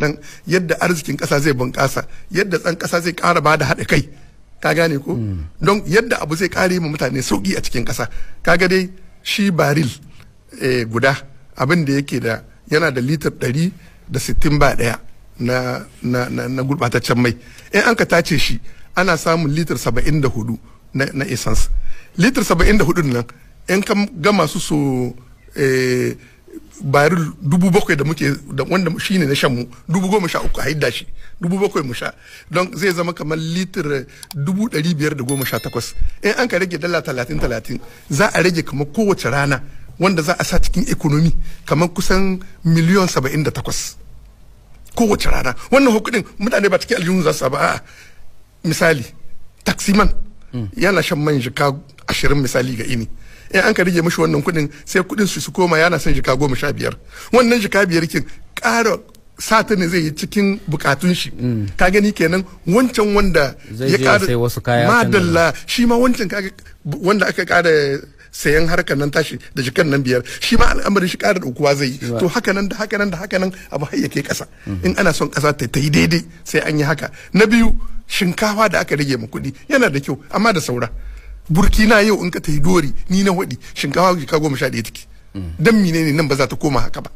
ran yadda arzikin ƙasa zai bunƙasa yadda tsan kasa zai ƙara ba da haɗa kai ka gane ko hmm. don yadda abu zai ƙare wa mutane sauƙi a cikin ƙasa ga dai shi baril eh, guda abin da yake da yana da litar ɗari da sittin ba ɗaya na, na, mai in an ka tace shi ana samun litar saba'in da hudu na, na essence litar saba'in da hudu nan in ka ga masu so eh, baril dubu bakwai da muke wanda shi ne na shan mu dubu goma sha uku a haidda shi dubu bakwai mu sha don zai zama kamar litir dubu ɗari biyar da goma sha takwas in an ka rage dala talatin talatin za a rage kamar kowace rana wanda za a sa cikin ekonomi kamar kusan miliyon saba'in da takwas kowace rana wannan hukudin mutane ba cikin aljihun za su ba misali taximan mm. yana shan man jika ashirin misali ga ini in an ka rage mishi wannan kuɗin sai kuɗin su su koma yana son jika goma sha biyar wannan jika biyar kin ƙara sata ne zai yi cikin bukatun shi mm. ka gani kenan wancan wanda ya ƙara madalla shi ma wancan wanda aka ƙara sayan harkar nan tashi da jikan nan biyar shi ma al'amarin shi ƙara ɗaukuwa zai yi to haka nan da haka nan da haka nan abu har ke ƙasa mm-hmm. in ana son ƙasa ta yi daidai sai an yi haka na biyu shinkafa da aka rage ma kuɗi yana da kyau amma da saura burkina yau in ka tafi dori ni na hudi shinkafa ka goma sha ɗaya take dan mine ne nan ba za ta koma haka ba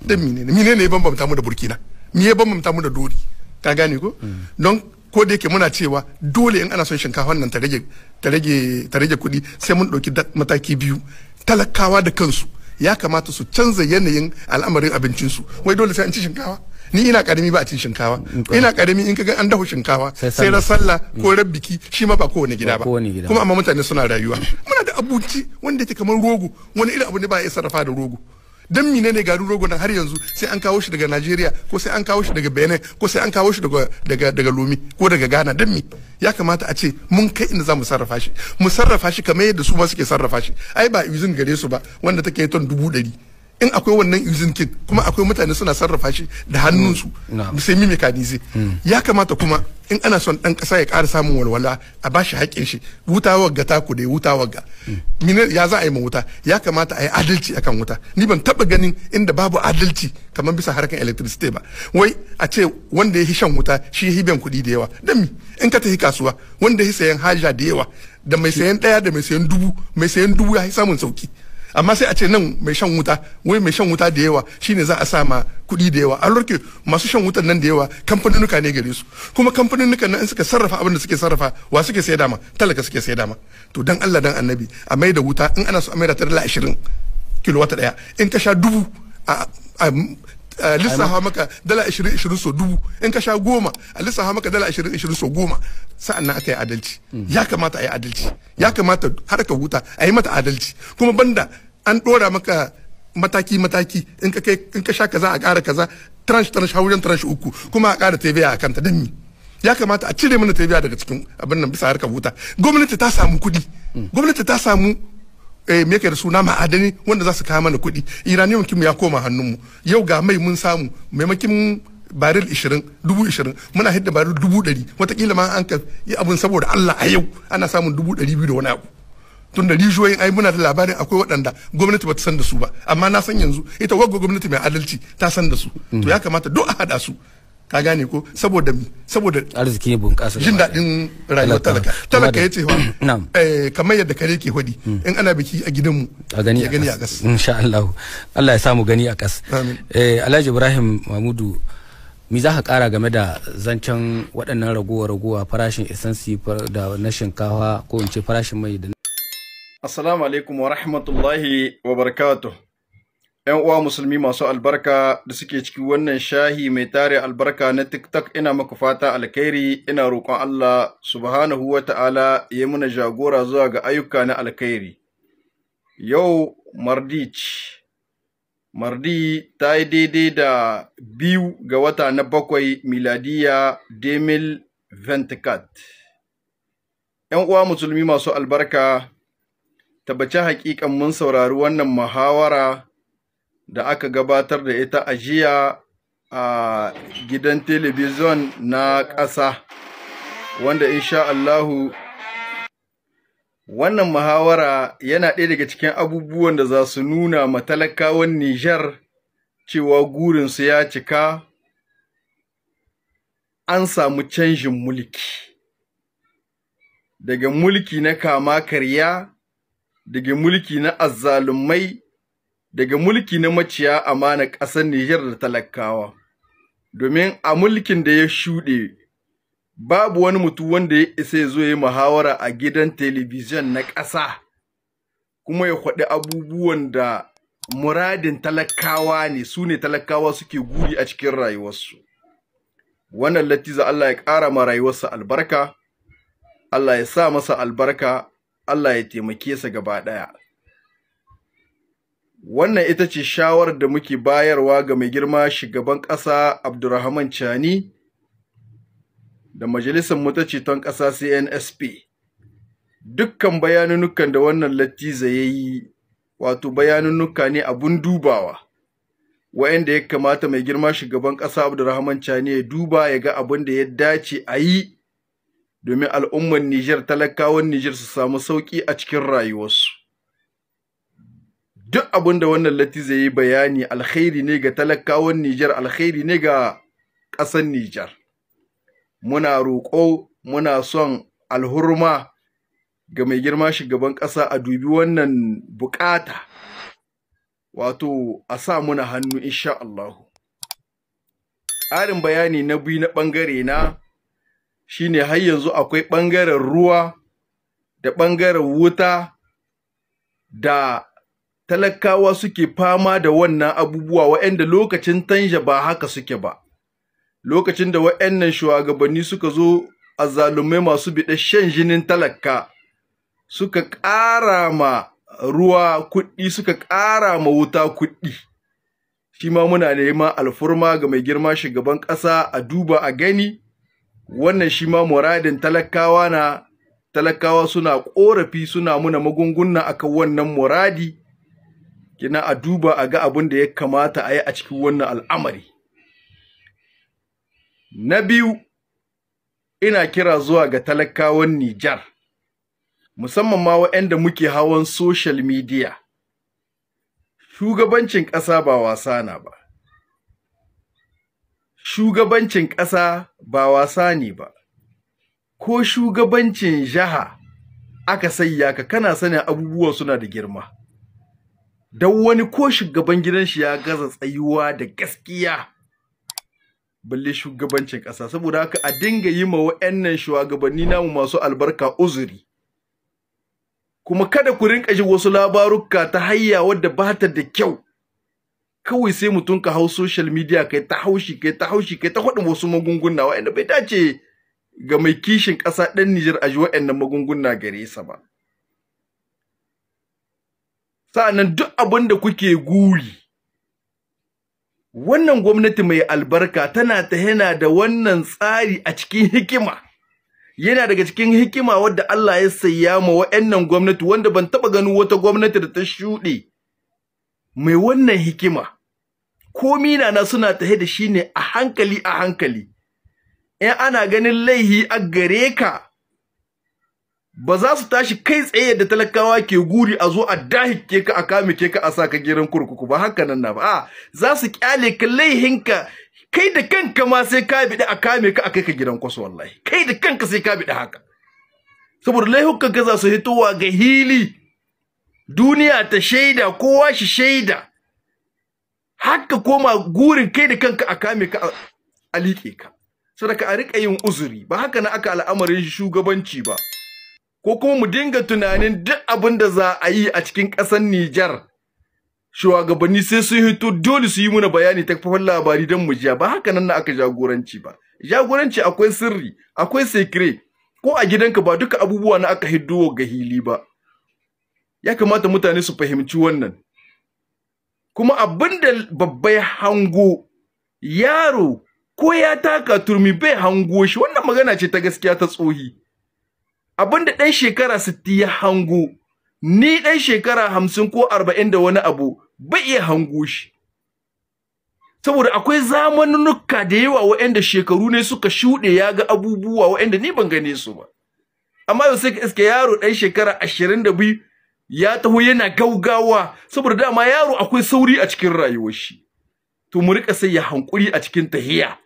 dan mine ne mine ne ya bambamta mu da burkina me ya bambamta mu da dori ka gane ko don ko da yake muna cewa dole in ana son shinkafa nan ta rage ta rage ta rage kuɗi sai mun ɗauki mataki biyu talakawa da kansu ya kamata su canza yanayin al'amarin abincinsu wai dole sai an ci shinkafa ni ina karami ba a cin shinkawa ina karami in kaga an dahu shinkawa sai na sallah mm. ko ran biki shi ma ba kowane gida ba kuma amma mutane suna rayuwa muna da abinci wanda yake kamar rogo wani irin abu ne ba ya sarrafa da rogo dan mine ne garin rogo nan har yanzu sai an kawo shi daga Najeriya ko sai an kawo shi daga Benin ko sai an kawo shi daga daga daga Lomi ko daga Ghana dan mi ya kamata a ce mun kai inda zamu sarrafa shi mu sarrafa shi kamar yadda su ma suke sarrafa shi ai ba izin gare su ba wanda take ton dubu ɗari in akwai wannan using kit kuma akwai mutane suna sarrafa shi da hannunsu mm, sai mi mekanize mm. ya kamata kuma in ana son dan kasa ya ƙara samun walwala a bashi haƙƙin shi wuta wagga ta ku da wuta wagga mm. ya za a yi ma wuta ya kamata a yi adalci akan wuta ni ban taba ganin inda babu adalci kamar bisa harkan electricity ba wai a ce wanda ya hi shan wuta shi ya hi biyan kuɗi da yawa dan in ka tafi kasuwa wanda ya hi sayan haja da yawa da mai sayan ɗaya da mai sayan dubu mai sayan dubu ya hi samun sauki amma sai a ce nan mai shan wuta wai mai shan wuta da yawa shine za a sa ma kuɗi da yawa a lurke masu shan wutan nan da yawa kamfanunuka ne gare su kuma kamfanunuka nan suka sarrafa abin da suke sarrafa wa suke sai dama talaka suke sai dama to dan Allah dan annabi a mai da wuta in ana so a mai da ta kilowatt daya in ka sha dubu a a lissafa maka dala 20 20 so dubu in ka sha goma a lissafa maka dala 20 20 so goma sa'an nan aka yi adalci mm. ya kamata a yi adalci ya kamata har ka huta a yi mata adalci kuma banda an dora maka mataki mataki in ka kai in ka sha kaza a ƙara kaza tranche tranche hauren tranche uku kuma a ƙara tv a kanta dan ya kamata a cire mana tv daga cikin abin nan bisa harkar huta gwamnati ta samu kuɗi mm. gwamnati ta samu Eh, me yake da suna ma'adani wanda za su kawo mana kuɗi iraniyan kimu ya koma hannunmu yau ga mai mun samu maimakin baril 20 dubu 20 muna hidda baril dubu 100 watakila ma an ka yi abin saboda Allah a yau ana samun dubu 200 da wani abu tun da rijiyoyin ai muna da labarin akwai waɗanda gwamnati ba ta san da su ba amma na san yanzu ita wagga gwamnati mai adalci ta san da su to ya kamata duk a haɗa su ka gane ko saboda saboda arziki bunƙasa jin daɗin rayuwar talaka talaka ya ce wa eh, kamar yadda kare ke hudi mm. in ana biki a gidanmu a gani a kas insha Allah Allah ya samu gani a kas eh, Alhaji Ibrahim Mahmudu mi za ka kara game da zancen waɗannan raguwa-raguwa farashin isansi da na shinkawa ko in ce farashin mai da Assalamu alaikum wa rahmatullahi wa barakatuh 'yan uwa musulmi masu albarka da suke ciki wannan shahi mai tare albarka na tiktok ina maku fata alkhairi ina roƙon Allah subhanahu wa ta'ala ya muna jagora zuwa ga ayyuka na alkhairi yau mardic mardi ta yi daidai da biyu ga wata na bakwai miladiya demil ventikat 'yan uwa musulmi masu albarka tabbaci haƙiƙan mun saurari wannan muhawara da aka gabatar da ita a jiya a gidan telebijin na ƙasa wanda insha Allahu wannan muhawara yana ɗaya daga cikin abubuwan da za su nuna matalakawan Nijar cewa gurinsu ya cika an samu canjin mulki daga mulki na kama karya daga mulki na azzalumai daga mulki na maciya amana ƙasar Nijar da talakawa. Domin a mulkin da ya shuɗe, babu wani mutum wanda ya isa ya zo ya muhawara a gidan telebijin na ƙasa, kuma ya kwaɗi abubuwan da muradin talakawa ne, su ne talakawa suke guri a cikin rayuwarsu. Wannan latiza Allah ya ƙara ma rayuwarsa albarka, Allah ya sa masa albarka, Allah ya taimake sa gaba ɗaya. Wannan ita ce shawarar da muke bayarwa ga mai girma shugaban ƙasa Abdurrahman Chani da Majalisar Mutaceton ƙasa CNSP. Dukkan bayanunukan da wannan lattiza ya yi, wato bayanunuka ne abun dubawa, wa'yanda ya kamata mai girma shugaban ƙasa Abdurrahman Chani ya duba ya ga abin da ya dace a yi domin al'ummar Nijar talakawan Nijar su samu sauƙi a cikin rayuwarsu. duk abin da wannan latiza ya yi bayani alkhairi ne ga talakawan Nijar alkhairi ne ga ƙasan Nijar muna roƙo muna son alhurma ga mai girma shugaban ƙasa a dubi wannan buƙata. wato a sa muna hannu insha Allah. ƙarin bayani na biyu na ɓangare na shine har yanzu akwai ɓangaren ruwa da ɓangaren wuta da talakawa suke fama da wannan abubuwa waɗanda lokacin tanja ba haka suke ba lokacin da waɗannan shugabanni suka zo a azzalumai masu biɗa shan jinin talaka suka ƙara ma ruwa kuɗi suka ƙara ma wuta kuɗi shi ma muna neman alfurma ga mai girma shugaban ƙasa a duba a gani wannan shi ma muradin talakawa na talakawa suna ƙorafi suna muna magunguna akan wannan muradi kina a duba a ga abin da ya kamata a yi a cikin wannan al'amari na biyu ina kira zuwa ga talakawan Nijar musamman ma waɗanda muke hawan social media shugabancin ƙasa ba wasa na ba shugabancin ƙasa ba wasa ne ba ko shugabancin jaha aka sayya ka kana sanin abubuwan suna da girma don wani ko shugaban gidan shi ya gaza tsayuwa da gaskiya balle shugabancin ƙasa saboda haka a dinga yi ma wa'annan shugabanni namu masu albarka uzuri kuma kada ku rinka jin wasu labaruka ta hayya wadda ba ta da kyau kawai sai mutum ka hau social media kai ta haushi kai ta haushi kai ta faɗin wasu magunguna wa'anda bai dace ga mai kishin ƙasa ɗan Nijar a ji wa'annan magunguna gare sa ba. sa'annan duk abin da kuke guri wannan gwamnati mai albarka tana ta yana da wannan tsari a cikin hikima yana daga cikin hikima wadda Allah ya saya ma wa'annan gwamnati wanda ban taba ganin wata gwamnati da ta shuɗe mai wannan hikima komi na suna ta da shi ne a hankali a hankali in ana ganin laihi a gare ka ba za su tashi kai tsaye da talakawa ke guri a zo a dahike ka a kame ke ka a sa ka gidan kurkuku ba haka nan na ba a za su kyale ka laihinka kai da kanka ma sai ka bi a kame ka a kai ka gidan kwaso wallahi kai da kanka sai ka bi haka saboda laihukan ka za su hitowa ga hili duniya ta shaida kowa shi shaida haka koma gurin kai da kanka a kame ka a liƙe ka sadaka a riƙa yin uzuri ba haka na aka al'amarin shugabanci ba ko kuma mu dinga tunanin duk abin da za a yi a cikin ƙasar Nijar shugabanni sai sun hito dole su yi muna bayani ta kafafan labari don mu ba haka nan na aka jagoranci ba jagoranci akwai sirri akwai sekire ko a gidanka ba duka abubuwa na aka hiddo ga hili ba ya kamata mutane su fahimci wannan kuma abin da babba hango yaro ko ya taka turmi bai hango shi wannan magana ce ta gaskiya ta tsohi abinda ɗan shekara sitti ya hango ni ɗan shekara hamsin ko arba'in da wani abu bai iya hango shi saboda akwai zamanunuka da yawa waɗanda shekaru ne suka shuɗe ya ga abubuwa waɗanda ni ban gane su ba amma yau sai ka iske yaro ɗan shekara ashirin da biyu ya taho yana gaugawa saboda dama yaro akwai sauri a cikin rayuwar shi to mu riƙa sai ya hankuri a cikin tahiya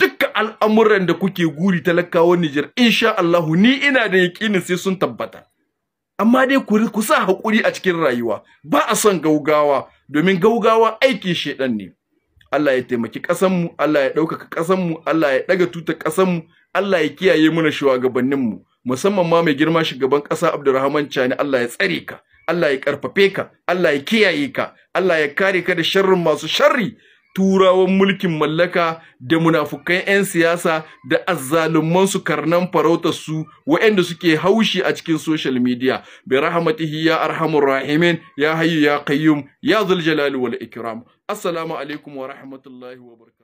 duka al'amuran da kuke guri talakawan Nijar insha Allah ni ina da yakinin sai sun tabbata amma dai ku sa hakuri a cikin rayuwa ba a son gaugawa domin gaugawa aikin shedan ne Allah ya taimaki ƙasanmu, mu Allah ya ɗaukaka ƙasanmu, mu Allah ya ɗaga tuta ƙasar mu Allah ya kiyaye mana shugabannin mu musamman ma mai girma shugaban ƙasa Abdulrahman Chani Allah ya tsare ka Allah ya ƙarfafe ka Allah ya kiyaye ka Allah ya kare ka da sharrin masu sharri turawan mulkin mallaka da munafukan 'yan siyasa da su karnan su waɗanda suke haushi a cikin social media bi rahmatihi ya arhamur rahimin ya hayyu ya qayyum ya dhul jalali wal ikram assalamu alaikum wa rahmatullahi wa barakatuh